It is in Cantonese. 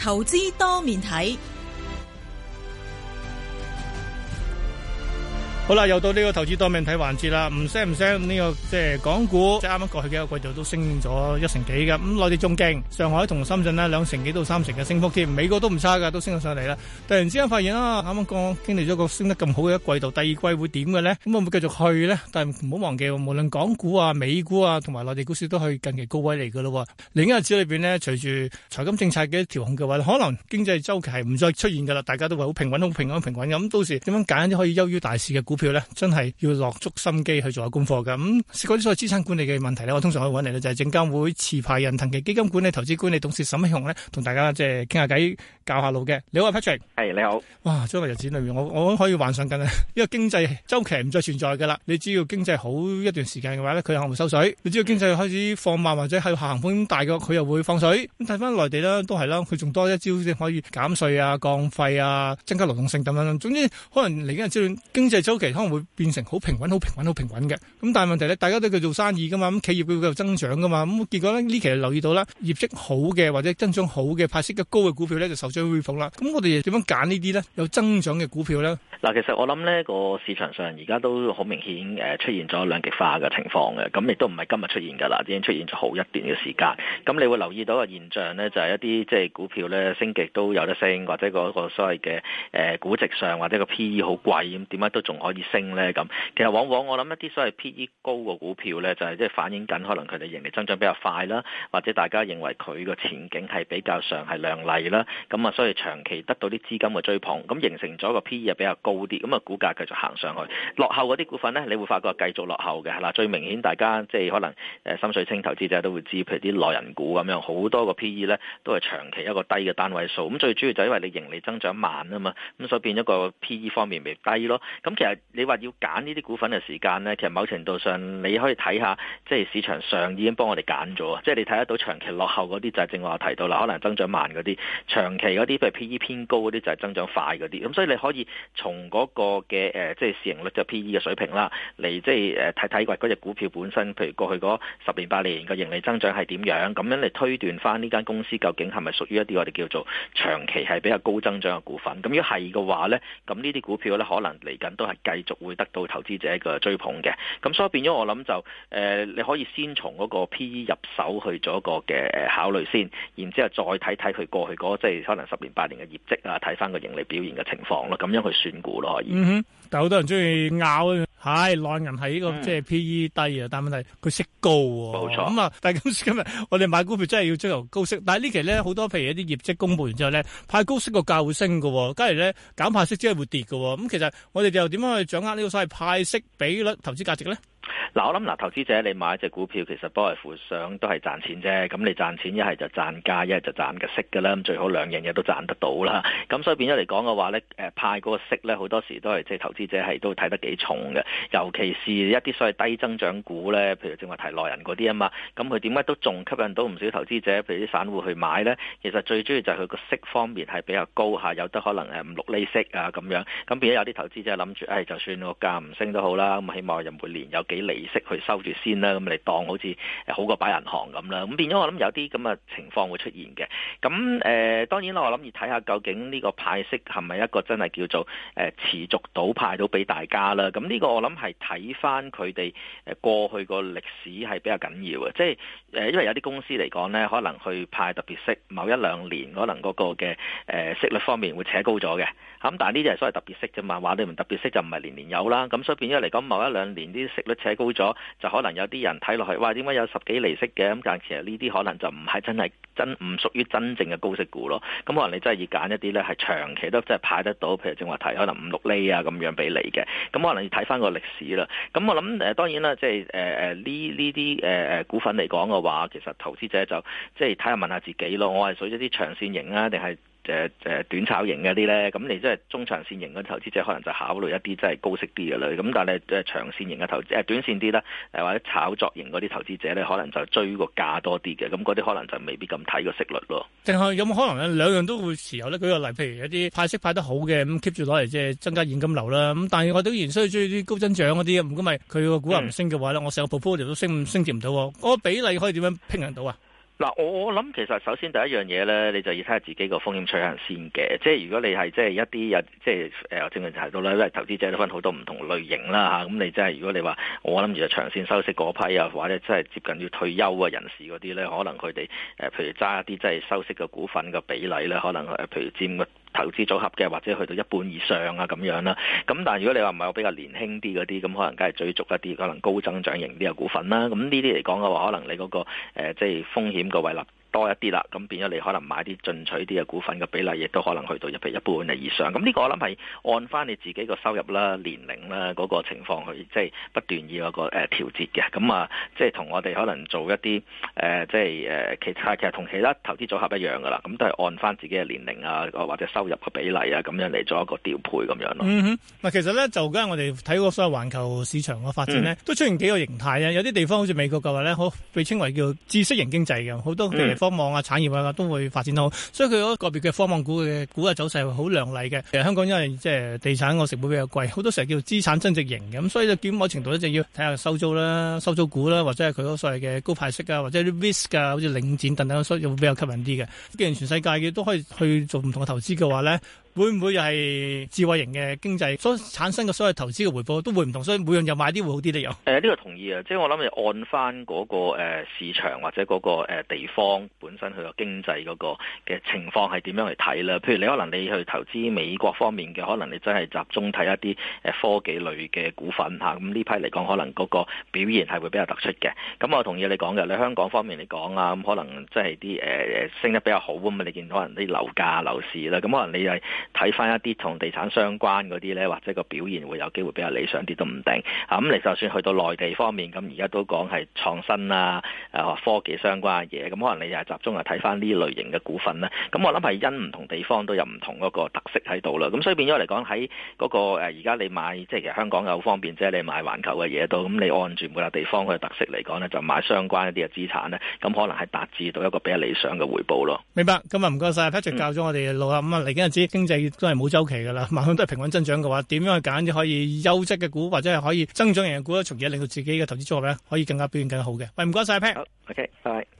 投資多面睇。好啦，又到呢個投資多面睇環節啦。唔聲唔聲，呢個即係港股即係啱啱過去幾個季度都升咗一成幾嘅。咁、嗯、內地中經、上海同深圳呢兩成幾到三成嘅升幅添。美國都唔差嘅，都升咗上嚟啦。突然之間發現啦，啱啱講經歷咗個升得咁好嘅一季度，第二季會點嘅咧？咁、嗯、會唔會繼續去咧？但係唔好忘記，無論港股啊、美股啊同埋內地股市都係近期高位嚟嘅咯。另一隻指裏邊咧，隨住財金政策嘅調控嘅話，可能經濟周期係唔再出現㗎啦。大家都話好平穩、好平穩、平穩嘅。咁到時點樣揀啲可以優於大市嘅股票？票咧，真係要落足心機去做下功課嘅。咁涉及呢個資產管理嘅問題咧，我通常去揾嚟咧就係證監會持牌人騰祺基金管理投資管理董事沈慶洪咧，同大家即係傾下偈、教下路嘅。你好啊，Patrick。係，你好。哇！將來日子裏面，我我可以幻想緊啊，因為經濟周期唔再存在噶啦。你只要經濟好一段時間嘅話咧，佢可能會收水；你只要經濟開始放慢或者係下行盤大嘅，佢又會放水。咁睇翻內地啦，都係啦，佢仲多一招先可以減稅啊、降費啊、增加流動性等等。總之，可能嚟緊一階段經濟週期。可能會變成好平穩、好平穩、好平穩嘅。咁但係問題咧，大家都係做生意噶嘛，咁企業佢會增長噶嘛。咁結果咧，呢期留意到啦，業績好嘅或者增長好嘅派息嘅高嘅股票咧，就受追捧啦。咁我哋點樣揀呢啲咧？有增長嘅股票咧？嗱，其實我諗呢個市場上而家都好明顯誒，出現咗兩極化嘅情況嘅。咁亦都唔係今日出現噶啦，已經出現咗好一段嘅時間。咁你會留意到嘅現象咧，就係一啲即係股票咧升極都有得升，或者個個所謂嘅誒、呃、估值上或者個 P E 好貴咁，點解都仲可？可以升咧咁，其實往往我諗一啲所謂 P/E 高嘅股票咧，就係即係反映緊可能佢哋盈利增長比較快啦，或者大家認為佢個前景係比較上係亮麗啦，咁啊所以長期得到啲資金嘅追捧，咁形成咗個 P/E 比較高啲，咁啊股價繼續行上去。落後嗰啲股份咧，你會發覺繼續落後嘅係啦，最明顯大家即係可能誒深水清投資者都會知，譬如啲內人股咁樣，好多個 P/E 咧都係長期一個低嘅單位數，咁最主要就係因為你盈利增長慢啊嘛，咁所以變一個 P/E 方面咪低咯，咁其實。你話要揀呢啲股份嘅時間呢？其實某程度上你可以睇下，即係市場上已經幫我哋揀咗即係你睇得到長期落後嗰啲就係正話提到啦，可能增長慢嗰啲；長期嗰啲譬如 PE 偏高嗰啲就係增長快嗰啲。咁所以你可以從嗰個嘅即係市盈率即係 PE 嘅水平啦，嚟即係睇睇過嗰隻股票本身，譬如過去嗰十年八年嘅盈利增長係點樣，咁樣嚟推斷翻呢間公司究竟係咪屬於一啲我哋叫做長期係比較高增長嘅股份。咁如果係嘅話呢，咁呢啲股票呢，可能嚟緊都係。繼續會得到投資者嘅追捧嘅，咁所以變咗我諗就，誒、呃，你可以先從嗰個 PE 入手去做一個嘅考慮先，然之後再睇睇佢過去嗰、那個、即係可能十年八年嘅業績啊，睇翻個盈利表現嘅情況咯，咁樣去選股咯可以。嗯、但好多人中意拗，係內銀係呢、這個即係、就是、P/E 低啊，但問題佢息高喎。冇錯咁啊、嗯，但係今今日我哋買股票真係要追求高息。但係呢期咧，好多譬如一啲業績公布完之後咧，派高息個價會升嘅，跟住咧減派息即係會跌嘅。咁、嗯、其實我哋又點樣去掌握呢、這個所謂派息比率投資價值咧？嗱、啊，我諗嗱，投資者你買隻股票，其實不外乎想都係賺錢啫。咁你賺錢一係就賺價，一係就賺嘅息嘅啦。咁最好兩樣嘢都賺得到啦。咁所以變咗嚟講嘅話咧，誒派嗰個息咧，好多時都係即係投資者係都睇得幾重嘅。尤其是一啲所謂低增長股咧，譬如正話提內人嗰啲啊嘛，咁佢點解都仲吸引到唔少投資者，譬如啲散戶去買咧？其實最主要就係佢個息方面係比較高下有得可能誒五六厘息啊咁樣。咁變咗有啲投資者諗住，誒、哎、就算個價唔升都好啦，咁起碼又每年有幾厘。息去收住先啦，咁你當好似好過擺銀行咁啦，咁變咗我諗有啲咁嘅情況會出現嘅。咁誒、呃、當然啦，我諗要睇下究竟呢個派息係咪一個真係叫做誒、呃、持續到派到俾大家啦。咁呢個我諗係睇翻佢哋誒過去個歷史係比較緊要嘅，即係誒因為有啲公司嚟講呢，可能去派特別息某一兩年，可能嗰個嘅誒、呃、息率方面會扯高咗嘅。咁但係呢啲係所謂特別息啫嘛，話你唔特別息就唔係年年有啦。咁所以變咗嚟講，某一兩年啲息率扯高，咗就可能有啲人睇落去，哇！點解有十幾厘息嘅？咁但係其實呢啲可能就唔係真係真，唔屬於真正嘅高息股咯。咁可能你真係要揀一啲咧，係長期都真係派得到，譬如正話睇可能五六厘啊咁樣俾你嘅。咁可能要睇翻個歷史啦。咁我諗誒，當然啦，即係誒誒呢呢啲誒誒股份嚟講嘅話，其實投資者就即係睇下問下自己咯。我係屬於一啲長線型啊，定係短炒型嗰啲咧，咁你即係中長線型嘅投資者，可能就考慮一啲即係高息啲嘅類。咁但係即係長線型嘅投資，誒短線啲啦，誒或者炒作型嗰啲投資者咧，可能就追個價多啲嘅。咁嗰啲可能就未必咁睇個息率咯。定係有冇可能兩樣都會持有咧？舉個例，譬如一啲派息派得好嘅，咁 keep 住攞嚟即係增加現金流啦。咁但係我都仍然需要追啲高增長嗰啲。咁咁咪佢個股能升嘅話咧，我成個 portfolio 都升唔升接唔到。個比例可以點樣平衡到啊？嗱，我我諗其實首先第一樣嘢咧，你就要睇下自己個風險取向先嘅。即係如果你係即係一啲有即係誒，我正話提到啦，投資者都分好多唔同類型啦嚇。咁你即係如果你話我諗住長線收息嗰批啊，或者即係接近要退休嘅人士嗰啲咧，可能佢哋誒譬如揸一啲即係收息嘅股份嘅比例咧，可能誒譬如佔個投資組合嘅，或者去到一半以上啊咁樣啦。咁但係如果你話唔係我比較年輕啲嗰啲，咁可能梗係追逐一啲可能高增長型啲嘅股份啦。咁呢啲嚟講嘅話，可能你嗰、嗰個即係、呃即係、風險個位率。多一啲啦，咁變咗你可能買啲進取啲嘅股份嘅比例，亦都可能去到一比一半以上。咁呢個我諗係按翻你自己個收入啦、年齡啦嗰，那個情況去，即係不斷要一個誒、呃、調節嘅。咁啊，即係同我哋可能做一啲誒、呃，即係誒、呃、其他其實同其他投資組合一樣噶啦。咁都係按翻自己嘅年齡啊，或者收入嘅比例啊，咁樣嚟做一個調配咁樣咯。嗱、嗯、其實咧，就今日我哋睇過所有環球市場嘅發展咧，嗯、都出現幾個形態啊。有啲地方好似美國嘅話咧，好被稱為叫知識型經濟嘅，好多譬科網啊、產業啊，都會發展得好，所以佢嗰個別嘅科網股嘅股嘅走勢好靚麗嘅。其實香港因為即係地產個成本比較貴，好多時候叫資產增值型嘅，咁所以就到某程度一定要睇下收租啦、收租股啦，或者係佢嗰所謂嘅高派息啊，或者啲 risk 啊，好似領展等等，所以會比較吸引啲嘅。既然全世界嘅都可以去做唔同嘅投資嘅話咧。會唔會又係智慧型嘅經濟所產生嘅所有投資嘅回報都會唔同，所以每樣又買啲會好啲都有。誒呢個同意啊，即係我諗你按翻嗰個市場或者嗰個地方本身佢個經濟嗰個嘅情況係點樣嚟睇啦？譬如你可能你去投資美國方面嘅，可能你真係集中睇一啲科技類嘅股份嚇，咁呢批嚟講可能嗰個表現係會比較突出嘅。咁我同意你講嘅，你香港方面嚟講啊，咁可能即係啲誒誒升得比較好咁你見到可能啲樓價樓市啦，咁可能你係。睇翻一啲同地產相關嗰啲呢，或者個表現會有機會比較理想啲都唔定吓，咁你、嗯、就算去到內地方面，咁而家都講係創新啊、啊，科技相關嘅嘢，咁、嗯、可能你又集中係睇翻呢類型嘅股份啦。咁、嗯、我諗係因唔同地方都有唔同嗰個特色喺度啦。咁、嗯、所以變咗嚟講，喺嗰、嗰個而家、呃、你買，即係其實香港又好方便，即係你買環球嘅嘢都咁、嗯。你按住每個地方嘅特色嚟講呢，就買相關一啲嘅資產呢，咁可能係達至到一個比較理想嘅回報咯。明白。今日唔該晒。一 a、嗯、教咗我哋六啊五啊你都係冇周期㗎啦，萬樣都係平穩增長嘅話，點樣去揀啲可以優質嘅股，或者係可以增長型嘅股，從而令到自己嘅投資組合咧可以更加表現更好嘅？喂，唔該晒 Pat 好、啊，OK，拜。